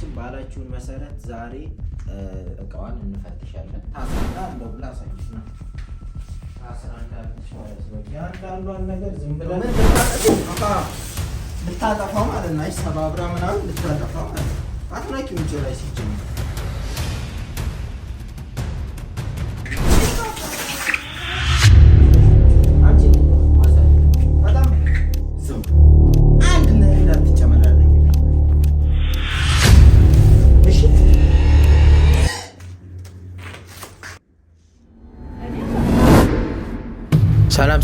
ሁላችን ባላችሁን መሰረት ዛሬ እቃዋን እንፈትሻለን። ታስራ እንደው ሳይሽ ነው። ያንዳንዷን ነገር ዝም ብለን ልታጠፋው ማለት ነው። አይ ሰባብራ ምናምን ልታጠፋ ማለት ነው። አትናቂ ምጭ ላይ ሲጀምር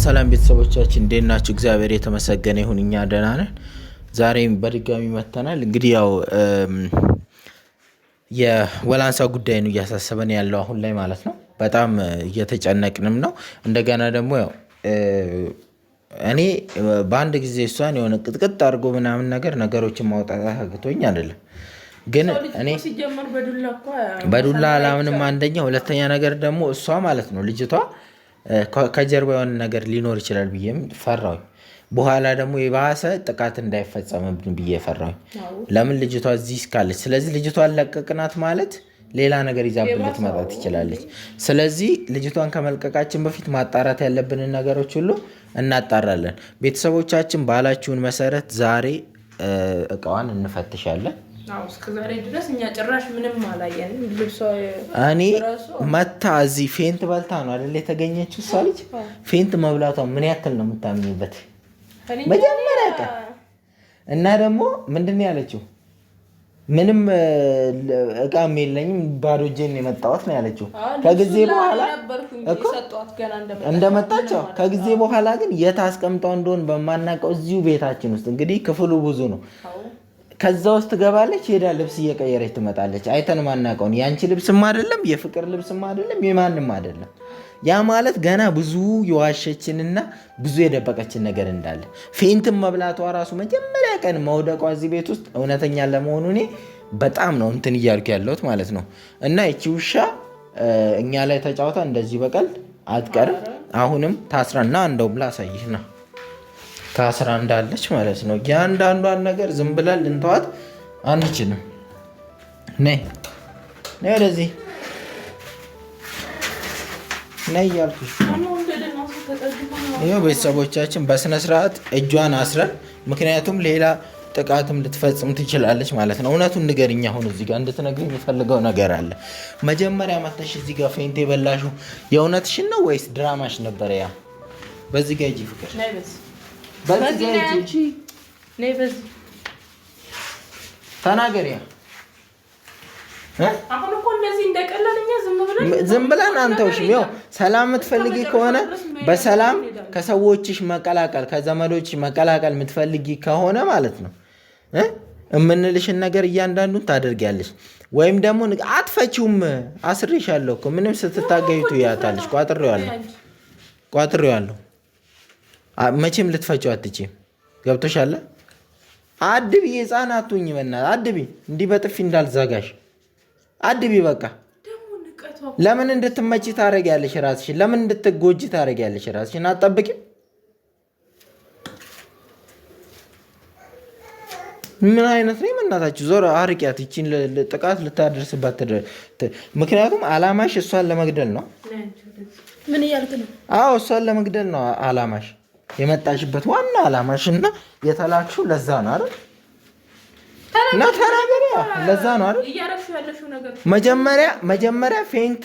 ሰላም ቤተሰቦቻችን እንዴት ናችሁ? እግዚአብሔር የተመሰገነ ይሁን፣ እኛ ደህና ነን። ዛሬም በድጋሚ መተናል። እንግዲህ ያው የወላንሳ ጉዳይ ነው እያሳሰበን ያለው አሁን ላይ ማለት ነው። በጣም እየተጨነቅንም ነው። እንደገና ደግሞ ያው እኔ በአንድ ጊዜ እሷን የሆነ ቅጥቅጥ አድርጎ ምናምን ነገር ነገሮችን ማውጣት አግቶኝ አይደለም ግን እኔ በዱላ አላምንም። አንደኛ፣ ሁለተኛ ነገር ደግሞ እሷ ማለት ነው ልጅቷ ከጀርባ የሆነ ነገር ሊኖር ይችላል ብዬም ፈራውኝ በኋላ ደግሞ የባሰ ጥቃት እንዳይፈጸምብን ብዬ ፈራሁኝ። ለምን ልጅቷ እዚህ እስካለች፣ ስለዚህ ልጅቷን ለቀቅናት ማለት ሌላ ነገር ይዛብለት መጣት ትችላለች። ስለዚህ ልጅቷን ከመልቀቃችን በፊት ማጣራት ያለብንን ነገሮች ሁሉ እናጣራለን። ቤተሰቦቻችን ባላችሁን መሰረት ዛሬ እቃዋን እንፈትሻለን። እስከዛሬ ድረስ እኛ ጭራሽ ምንም አላየንም። እኔ መታ እዚህ ፌንት በልታ ነው አይደል የተገኘችው? እሷ ልጅ ፌንት መብላቷ ምን ያክል ነው የምታምኝበት? መጀመሪያ ቀን እና ደግሞ ምንድን ነው ያለችው? ምንም እቃም የለኝም ባዶ እጄን የመጣሁት ነው ያለችው። ከጊዜ በኋላ እንደመጣቸው ከጊዜ በኋላ ግን የት አስቀምጠው እንደሆን በማናውቀው እዚሁ ቤታችን ውስጥ እንግዲህ ክፍሉ ብዙ ነው ከዛ ውስጥ ትገባለች፣ ሄዳ ልብስ እየቀየረች ትመጣለች። አይተን ማናቀውን የአንቺ ልብስም አይደለም፣ የፍቅር ልብስም አይደለም፣ የማንም አይደለም። ያ ማለት ገና ብዙ የዋሸችንና ብዙ የደበቀችን ነገር እንዳለ ፌንትን መብላቷ ራሱ መጀመሪያ ቀን መውደቋ እዚህ ቤት ውስጥ እውነተኛ ለመሆኑ እኔ በጣም ነው እንትን እያልኩ ያለሁት ማለት ነው። እና ይቺ ውሻ እኛ ላይ ተጫውታ እንደዚህ በቀል አትቀርም። አሁንም ታስራና እንደውም ላሳይህ ነው ታስራ እንዳለች ማለት ነው። ያንዳንዷን ነገር ዝም ብለን ልንተዋት አንችልም። ነይ ነይ ወደዚህ ነይ እያልኩሽ ይኸው ቤተሰቦቻችን በስነ እጇን አስረን፣ ምክንያቱም ሌላ ጥቃትም ልትፈጽም ትችላለች ማለት ነው። እውነቱን ንገሪኝ። አሁን እዚህ ጋር እንድትነግሪኝ የምፈልገው ነገር አለ። መጀመሪያ መተሽ እዚህ ጋር ፌንት የበላሹ የእውነትሽን ነው ወይስ ድራማሽ ነበረ? ያ በዚህ ጋር ሂጂ ፍቅር ተናገሪያ ዝም ብለን አንተውሽም። ያው ሰላም የምትፈልጊ ከሆነ በሰላም ከሰዎችሽ መቀላቀል ከዘመዶች መቀላቀል የምትፈልጊ ከሆነ ማለት ነው የምንልሽን ነገር እያንዳንዱን ታደርጊያለሽ። ወይም ደግሞ አትፈቺውም። አስሬሻለሁ እኮ ምንም ስትታገዩ ትያታለሽ። ቋጥሬዋለሁ ቋጥሬዋለሁ መቼም ልትፈጪው አትችም። ገብቶሻል። አድቢ ህፃናቱኝ በና አድቢ፣ እንዲህ በጥፊ እንዳልዘጋሽ አድቢ። በቃ ለምን እንድትመጪ ታደርጊያለሽ? ራስሽን ለምን እንድትጎጂ ታደርጊያለሽ? ራስሽን አትጠብቂም? ምን አይነት ነው የመናታችሁ? ዞር አርቂያት። ይቺን ጥቃት ልታደርስባት። ምክንያቱም አላማሽ እሷን ለመግደል ነው። አዎ እሷን ለመግደል ነው አላማሽ። የመጣሽበት ዋና ዓላማሽና የተላክሽው ለዛ ነው አይደል? እና ተናገሪያ። ለዛ ነው አይደል? መጀመሪያ መጀመሪያ ፌንት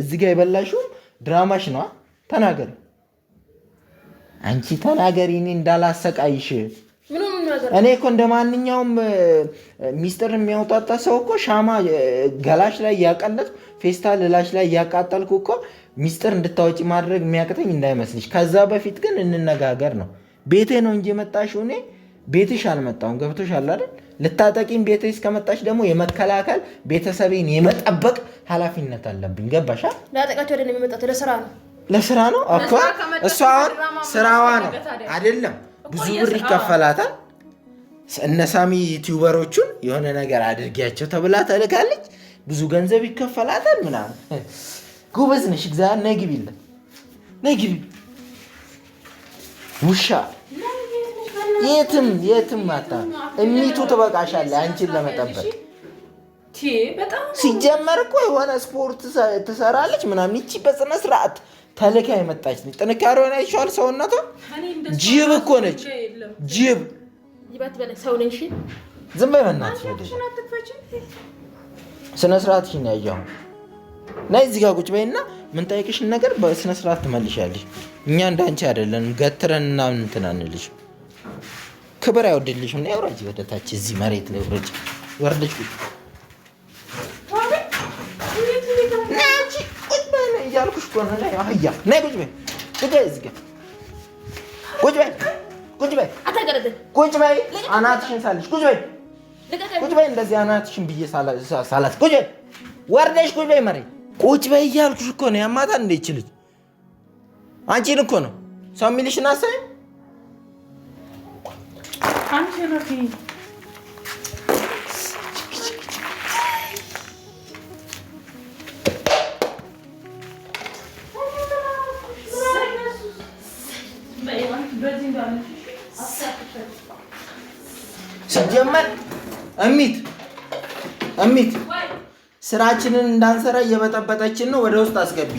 እዚህ ጋር የበላሽው ድራማሽ ነው። ተናገሪ አንቺ ተናገሪ፣ እኔ እንዳላሰቃይሽ እኔ እኮ እንደ ማንኛውም ሚስጥር የሚያውጣጣ ሰው እኮ ሻማ ገላሽ ላይ እያቀለጥኩ ፌስታ ላሽ ላይ እያቃጠልኩ እኮ ሚስጥር እንድታወጪ ማድረግ የሚያቅተኝ እንዳይመስልሽ። ከዛ በፊት ግን እንነጋገር ነው። ቤቴ ነው እንጂ የመጣሽው እኔ ቤትሽ አልመጣሁም። ገብቶሻል አይደል? ልታጠቂም ቤቴ እስከመጣሽ ደግሞ የመከላከል ቤተሰቤን የመጠበቅ ኃላፊነት አለብኝ። ገባሻ? ለስራ ነው። ለስራ ነው እኮ እሷ አሁን ስራዋ ነው አይደለም ብዙ ብር ይከፈላታል። እነሳሚ ዩቲዩበሮቹን የሆነ ነገር አድርጊያቸው ተብላ ተልካለች። ብዙ ገንዘብ ይከፈላታል ምናምን። ጎበዝ ነሽ። እግዚአብሔር ነግብ ይለ ነግብ ውሻ የትም የትም ማታ እሚቱ ትበቃሻለ አንቺን ለመጠበቅ ሲጀመር እኮ የሆነ ስፖርት ትሰራለች ምናምን። ይቺ በስነ ስርዓት ተልካ የመጣች ነች። ሆነ ይሻል ሰውነቷ ጅብ እኮ ነች። ጅብ ዝም በይ በእናትሽ። ስነ ስርዓት ሽን ያየው ናይ እዚህ ጋር ቁጭ በይና ምንጠይቅሽን ነገር በስነ ስርዓት ትመልሻለሽ። እኛ እንዳንቺ አይደለንም ገትረን ምናምን እንትን አንልሽ። ክብር አይወድልሽም። ና ውረጅ፣ ወደታች እዚህ መሬት ላይ ውረጅ፣ ወርደሽ ቁጭ አህያ ቁጭ በይ እንደዚህ አናትሽን ብዬ ሳላት ቁጭ በይ ወርደሽ ቁጭ በይ መሬት ቁጭ በይ እያልኩሽ እኮ ነው ያማታ እንደ ይች ልጅ አንቺን እኮ ነው ሰው የሚልሽን አሰብም ሲጀመር እሚት እሚት ስራችንን እንዳንሰራ እየበጠበጠችን ነው። ወደ ውስጥ አስገቢ።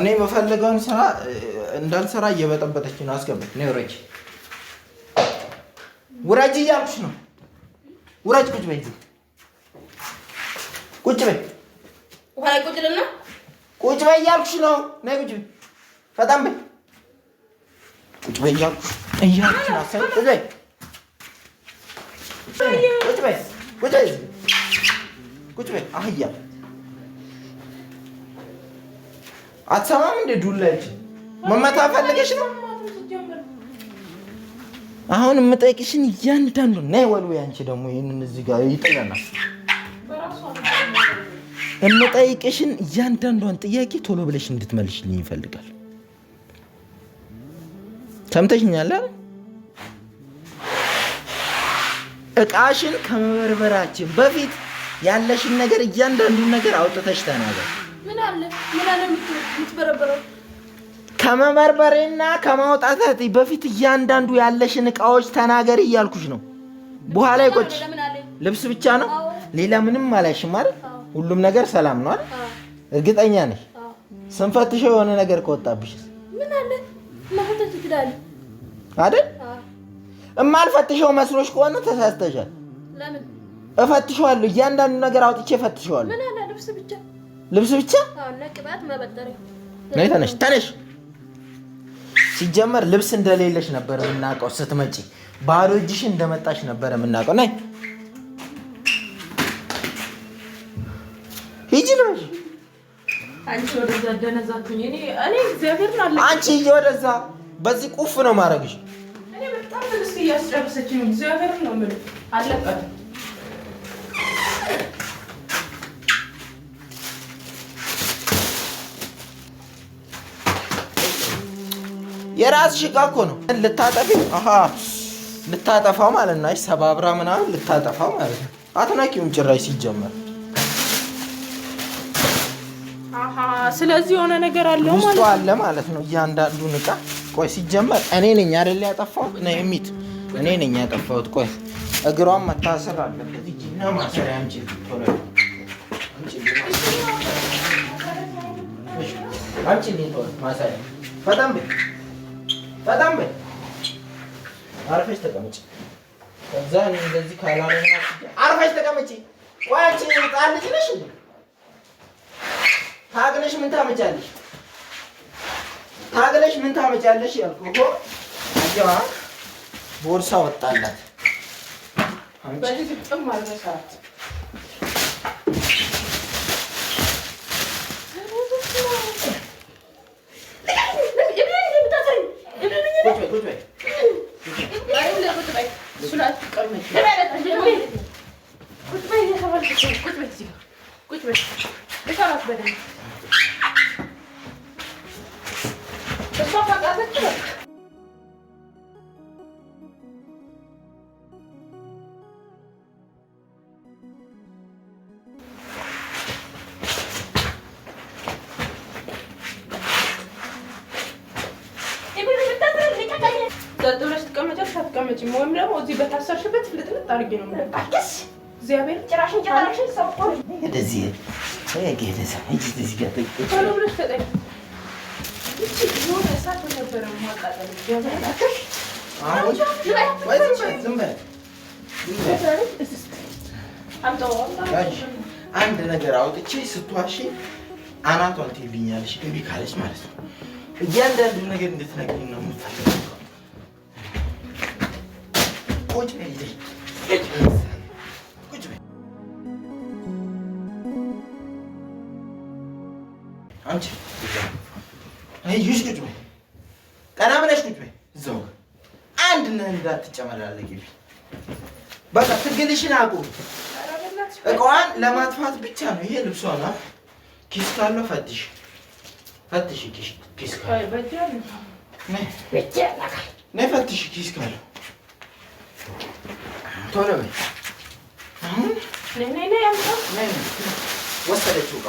እኔ የምፈልገውን ስራ እንዳንሰራ እየበጠበጠችን ነው። አስገቢ። እኔ ውረጅ፣ ውረጅ እያልኩሽ ነው። ውረጅ። ቁጭ በይ፣ ቁጭ በይ፣ ቁጭ በይ እያልኩሽ ነው። ነይ ቁጭ በይ፣ ፈጣን በይ፣ ቁጭ በይ እያልኩሽ እያልኩሽ ነው። ቁጭ በይ ቁጭ በይ አህያ። አትሰማም እንደ ዱላች መመታ ፈልገሽ ነው። አሁን የምጠይቅሽን እያንዳንዱ ነይ ወሉ። ያንቺ ደግሞ ይህንን እዚህ ጋር ይጥለናል። የምጠይቅሽን እያንዳንዷን ጥያቄ ቶሎ ብለሽ እንድትመልሽልኝ ይፈልጋል። ሰምተሽኛል? እቃሽን ከመበርበራችን በፊት ያለሽን ነገር እያንዳንዱን ነገር አውጥተሽ ተናገር። ከመበርበሬና ከማውጣታት በፊት እያንዳንዱ ያለሽን እቃዎች ተናገር እያልኩሽ ነው። በኋላ ይቆጭ ልብስ ብቻ ነው፣ ሌላ ምንም አላይሽም አይደል? ሁሉም ነገር ሰላም ነው አይደል? እርግጠኛ ነሽ? ስንፈትሸው የሆነ ነገር ከወጣብሽ ምን አለ አይደል? እማልፈትሸው መስሎሽ ከሆነ ተሳስተሻል። እፈትሸዋለሁ፣ እያንዳንዱ ነገር አውጥቼ እፈትሸዋለሁ። ልብስ ብቻ ነው። ተነሽ ተነሽ። ሲጀመር ልብስ እንደሌለሽ ነበር የምናውቀው። ስትመጪ ባዶ እጅሽ እንደመጣሽ ነበር የምናውቀው። ነይ ሂጂ ልበሽ። አንቺ ወደዛ በዚህ ቁፍ ነው ማድረግሽ ለምን እስኪ እያስጨረሰች ነው? ነው የራስሽ እኮ ነው ልታጠፊ ልታጠፋው ማለት ነው። ሰባብራ ምናምን ልታጠፋ ማለት ነው። አትናቂውም ጭራሽ ሲጀመር። ስለዚህ የሆነ ነገር አለው ማለት ነው። አለ ማለት ነው እያንዳንዱን እቃ። ቆይ ሲጀመር እኔ ነኝ አይደል ያጠፋሁት? ነው የሚት እኔ ነኝ ያጠፋሁት። ቆይ እግሯን መታሰር አለበት። ነሽ ምን ታመጫለሽ? ታገለሽ ምን ታመጫለሽ ያልኩህ እኮ አየዋ። ቦርሳ ወጣላት። አንድ ነገር አውጥቼ ስትዋሺ አናቷን ትይልኛለሽ። ገቢ ካለች ማለት ነው። እያንዳንዱ ነገር እንድትነግሪኝ ነው የምፈልገው። ቁጭ አንቺ ይሽ ቁጭ በይ፣ ቀና ብለሽ ቁጭ በይ። እዛው አንድ ነህ እንዳትጨመላለቂ። በቃ ትግልሽን አቁም። እቃዋን ለማጥፋት ብቻ ነው። ይሄ ልብሷ ኪስ ካለው ፈትሽ ፈትሽ፣ ኪስ ካለው ፈትሽ፣ ኪስ ካለው ቶሎ በይ። አሁን ወሰደችው እቃ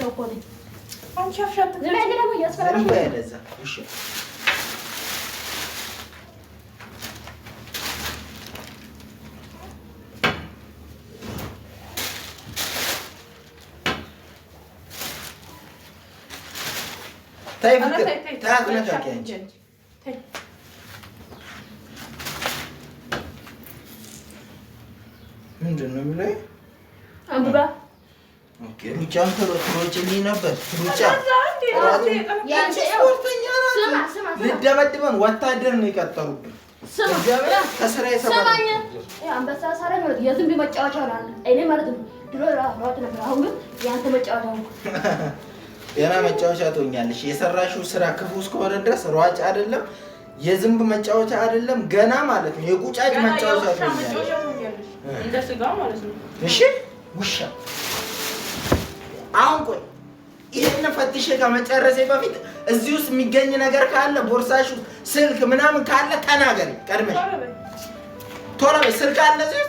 Dopo Non ci ho fatto vedere la moglie, aspetta. Non puoi resa, usci. Tay fıkır. Tay aklına tak yani. Tay. Mümkün mü böyle? Abi ሩጫም ቶሎ ትሮጭልኝ ነበር። ሩጫ ስፖርተኛ ልደበድበን ወታደር ነው የቀጠሩብን። ከስራ የዝንብ መጫወቻ ሆናል። መጫወቻ ትሆኛለሽ። የሰራሽው ስራ ክፉ እስከሆነ ድረስ ሯጭ አይደለም የዝንብ መጫወቻ አይደለም፣ ገና ማለት ነው የቁጫጭ መጫወቻ ትሆኛለሽ። እሺ ውሻ አሁን ቆይ ይሄን ፈትሼ ከመጨረሴ በፊት እዚህ ውስጥ የሚገኝ ነገር ካለ ቦርሳሽ ስልክ ምናምን ካለ ተናገሪ ቀድመሽ። ቶሎ በይ። ስልክ አለ እዚህ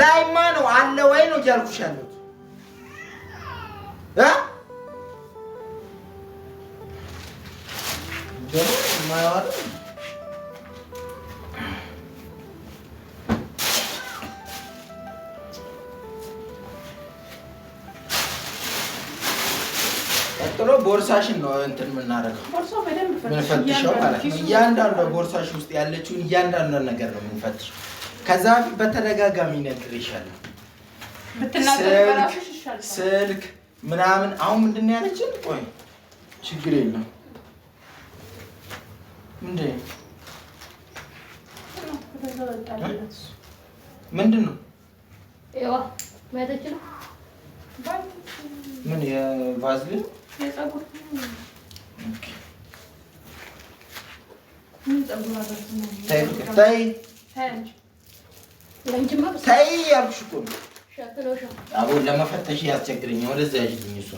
ላይማ ነው አለ ወይ ነው እያልኩሽ ያለሁት እ ደግሞ የማያዋጣው ቀጥሎ ቦርሳሽን ነው እንትን የምናደርገው ምንፈትሸው ማለት ነው። እያንዳንዷ ቦርሳሽ ውስጥ ያለችውን እያንዳንዷን ነገር ነው የምንፈትሸው። ከዛ በተደጋጋሚ እነግርሻለሁ። ስልክ ምናምን አሁን ምንድን ነው ያለችን? ቆይ ችግር የለም ምንድን ምንድን ነው ምን የቫዝሊን የፀጉር ተይ ያልኩሽ እኮ ነው። አቦ ለመፈተሽ ያስቸግረኝ። ወደዚያ ያዥልኝ እሷ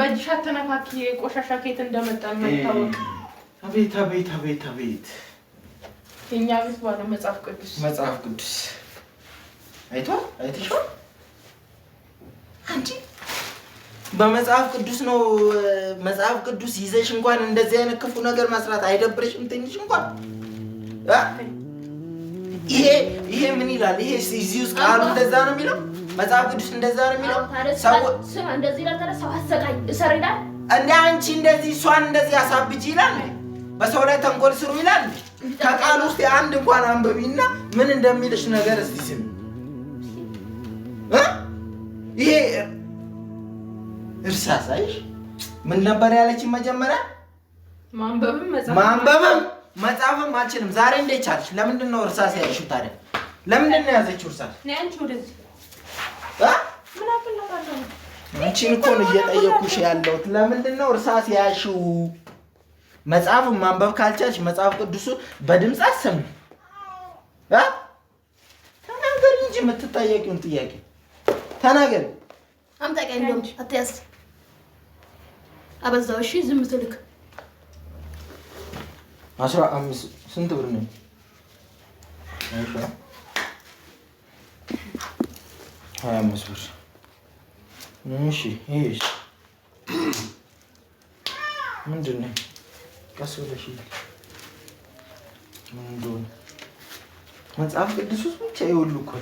በእጅሽ አትነካኪ። ቆሻሻ ኬት እንደመጣ የማይታወቅ አቤት፣ አቤት፣ አቤት፣ አቤት የእኛ ቤት ባለ መጽሐፍ ቅዱስ መጽሐፍ ቅዱስ አይቷል አይተሽዋል። አንቺ በመጽሐፍ ቅዱስ ነው መጽሐፍ ቅዱስ ይዘሽ እንኳን እንደዚህ አይነት ክፉ ነገር መስራት አይደብርሽም? ትንሽ እንኳን ይሄ ይሄ ምን ይላል? ይሄ እዚህ ውስጥ ቃሉ እንደዛ ነው የሚለው መጽሐፍ ቅዱስ እንደዛ ነው የሚለው። እንደ አንቺ እንደዚህ እሷን እንደዚህ አሳብጅ ይላል። በሰው ላይ ተንኮል ስሩ ይላል። ከቃሉ ውስጥ አንድ እንኳን አንብቢና ምን እንደሚልሽ ነገር እስቲ ስሚ ይሄ እርሳስ ምን ነበር ያለችን? መጀመሪያ ማንበብም መጻፍም አልችልም። ዛሬ እንዴት ቻልሽ? ለምንድን ነው እርሳስ ያለሽው ታዲያ? ለምንድን ነው ያዘችው እርሳስ? አንቺን እኮ ነው እየጠየኩሽ ያለሁት። ለምንድን ነው እርሳስ ያልሽው? መጽሐፍ ማንበብ ካልቻልሽ መጽሐፍ ቅዱስ በድምፅ አሰሙ ተናገሪ እንጂ የምትጠየቂውን ጥያቄ ተናገር። አምጣቂ እንደውም አትያዝ፣ አበዛው። እሺ ዝም ትልክ አስራ አምስት ስንት ብር ነው? ሀያ አምስት ብር። እሺ ምንድን ነው? ቀስ ብለሽ ምን እንደሆነ መጽሐፍ ቅዱስ ውስጥ ብቻ የወሉ እኮ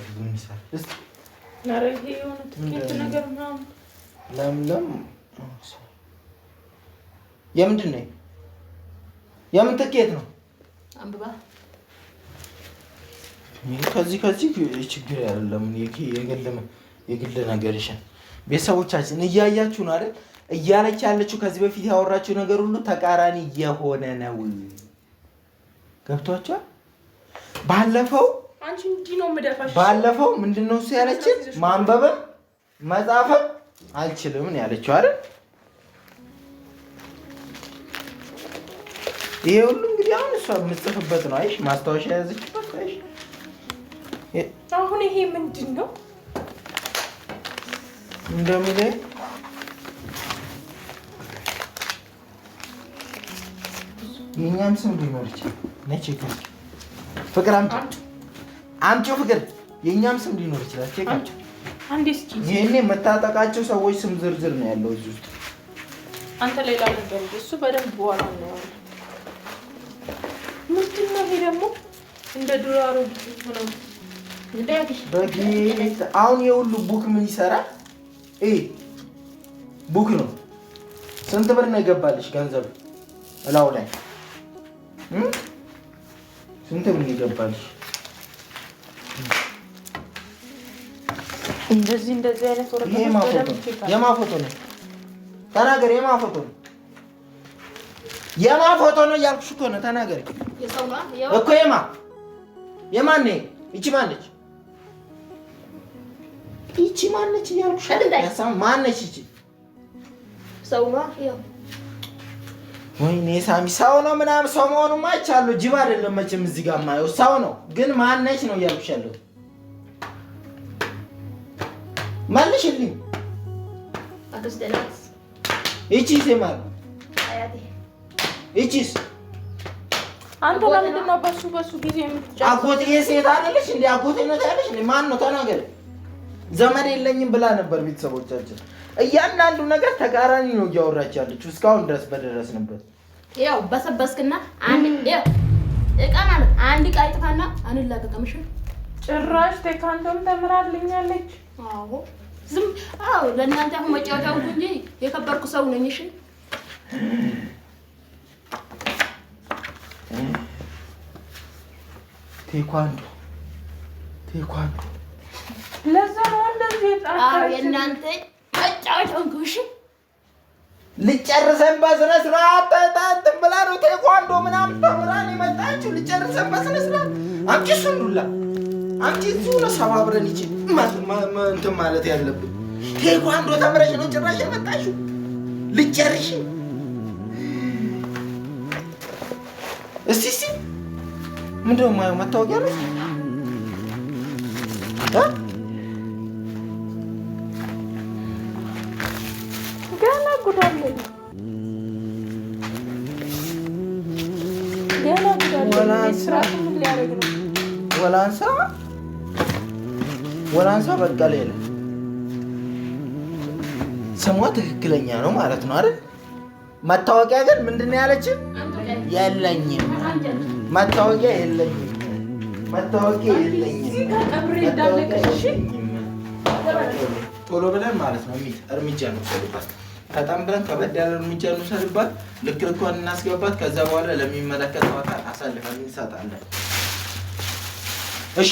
ለምለም የምንድን ነው? የምን ትኬት ነው? ከዚህ ከዚህ ችግር አይደለም። የግል ነገርሽን ቤተሰቦቻችን እያያችሁ ነው አይደል? እያለች ያለችው ከዚህ በፊት ያወራችው ነገር ሁሉ ተቃራኒ የሆነ ነው። ገብቷቸዋል። ባለፈው አንቺ እንዲህ ነው የምደፋሽ። ባለፈው ምንድን ነው እሱ ያለችን ማንበብም መጻፍም አልችልም ነው ያለችው አይደል? ይሄ ሁሉ እንግዲህ አሁን እሷ የምጽፍበት ነው። አይሽ ማስታወሻ የያዘችበት አይሽ። አሁን ይሄ ምንድን ነው እንደሚለኝ የእኛም ስም ሊኖር ይችላል። ነቼ ፍቅራም አምጪው ፍቅር የእኛም ስም ሊኖር ይችላል። ቼካቸው አንዴ እስኪ ይሄኔ የምታጠቃቸው ሰዎች ስም ዝርዝር ነው ያለው እዚህ ውስጥ። አንተ ሌላ ነገር እሱ በደንብ በኋላ ነው። ምንድን ነው ይሄ ደግሞ? እንደ ድሮ አሮጊት ነው በጌት አሁን የሁሉ ቡክ ምን ይሰራል? ይሄ ቡክ ነው። ስንት ብር ነው ይገባልሽ? ገንዘብ እላው ላይ ስንት ብር ነው ይገባልሽ? እንደዚህ እንደዚህ አይነት ወረቀት ነው? ተናገሪ። የማ ነው? የማ ነው እያልኩሽ እኮ ነው። እኮ የማ የማን ይቺ ማነች? ይቺ ማነች እያልኩሽ ማነች? ይቺ ሰው ወይኔ ሳሚ ሰው ነው ምናምን ሰው መሆኑማ አይቻለሁ። ጅብ አይደለም መቼም እዚህ ጋር የማየው ሰው ነው፣ ግን ማነች ነው እያልኩሽ ያለሁት ማለሽልኝ ይቺስ የማን ይቺስ? አንተ ለምንድን ነው ጊዜ የምትጫወተው? አጎቴ ሴት አይደለሽ ማን ነው? ተናገር። ዘመድ የለኝም ብላ ነበር ቤተሰቦቻችን። እያንዳንዱ ነገር ተቃራኒ ነው እያወራች ያለችው እስካሁን ድረስ በደረስንበት። ያው በሰበስክና አንድ ማለት አንድ ዕቃ ይጥፋና ጭራሽ ቴኳንዶም ተምራልኛለች። አዎ ዝም አዎ፣ ለእናንተ አሁን መጫወት አሁን እንጂ የከበርኩ ሰው ነኝ። እሺ ቴኳንዶ ቴኳንዶ፣ ለዛ ነው እንደዚህ ጣጣ። አዎ የእናንተ መጫወት አሁን ኩሽ ልጨርሰን በስነ ስርዓት ተጣጥ ብላ ነው ቴኳንዶ ምናምን ተምራን የመጣችው። ልጨርሰን በስነ ስርዓት አንቺ ሱንዱላ አንቺ እዚሁ ነው ሰባብረን እንትን ማለት ያለብን። ቴኳንዶ ተምረሽ ነው ጭራሽ የመጣሽው? ልጨርሽ እስቲ እስቲ ምንድን መታወቂያ ነው ገና ጉዳለ ገና ጉዳለ ወላንሳ ወላንሳ በቀለ ይላል። ስሟ ትክክለኛ ነው ማለት ነው አይደል? መታወቂያ ግን ምንድን ነው ያለችን? የለኝም መታወቂያ የለኝም መታወቂያ የለኝም ቶሎ ብለን ማለት ነው እርምጃ እንውሰድባት። ከጣም ብለን ከበድ ያለ እርምጃ እንውሰድባት። ልክ ልኳን እናስገባት። ከዛ በኋላ ለሚመለከተው አካል አሳልፈን እንሰጣለን። እሺ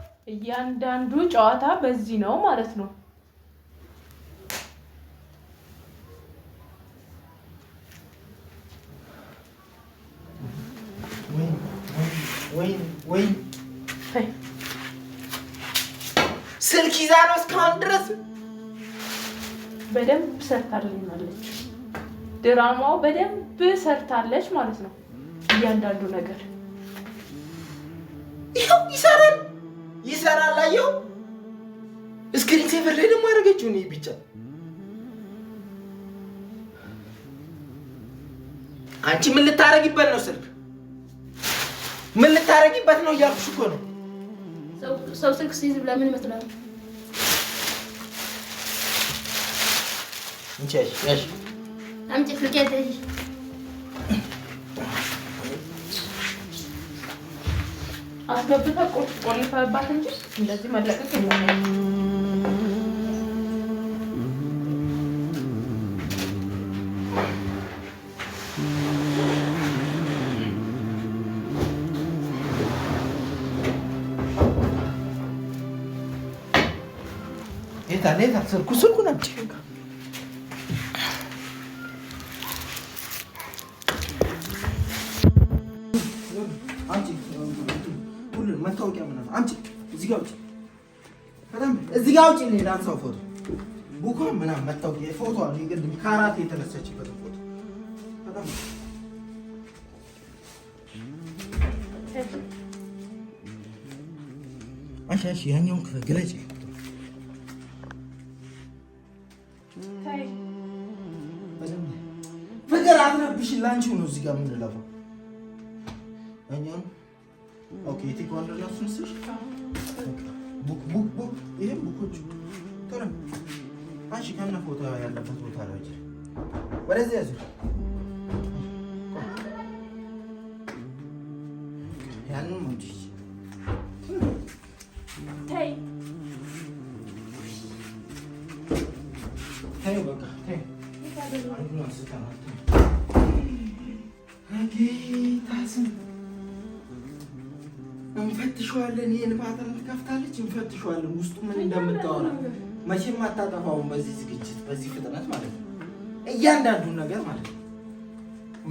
እያንዳንዱ ጨዋታ በዚህ ነው ማለት ነው። ስልክ ይዛ ነው እስካሁን ድረስ በደንብ ሰርታልናለች። ድራማው በደንብ ሰርታለች ማለት ነው። እያንዳንዱ ነገር ይኸው ይሰራል። ይሰራል። አየሁ እስክሪን ሴቨር ላይ ደግሞ ያደረገችው እኔ ብቻ አንቺ ምን ልታረጊበት ነው? ስልክ ምን ልታረጊበት ነው እያልኩሽ እኮ ነው። ሰው ስልክ ሲይዝ ለምን ይመስላል? እንቺ ያሽ ያሽ አምጪ አስገብታ ቁርጥ እንጂ እንደዚህ መለቀቅ የለም። ስልኩ ስልኩ ነው በጣም እዚህ ጋር ውጪ ነው ዳንሳው ፎቶ ቡኳ ምናምን መጣው ፎቶ አለ ይገድም ካራት የተነሳችበት ፎቶ እሺ፣ እሺ ያኛውን ግለጭ። ፍቅር አትረብሽ፣ ላንቺው ነው እዚህ ጋር የምንለፈው። ያኛውን ኦኬ፣ ቴክ ዋንደር ላፍስንስሽ ቡክ ቡክ ቡክ ይሄ ቡኮች ቶሎ አንቺ ከነ ፎቶ ያለበት ቦታ ላይ ሂጅ። ወደዚህ ያዙ። ያንን እንጂ ተይ ተይ በቃ ተይ ጌታ ስም እንፈትሸዋለን ይህን ባትል ከፍታለች፣ እንፈትሸዋለን ውስጡ ምን እንደምታወራ። መቼም አታጠፋውም በዚህ ዝግጅት፣ በዚህ ፍጥነት ማለት ነው እያንዳንዱን ነገር ማለት ነው።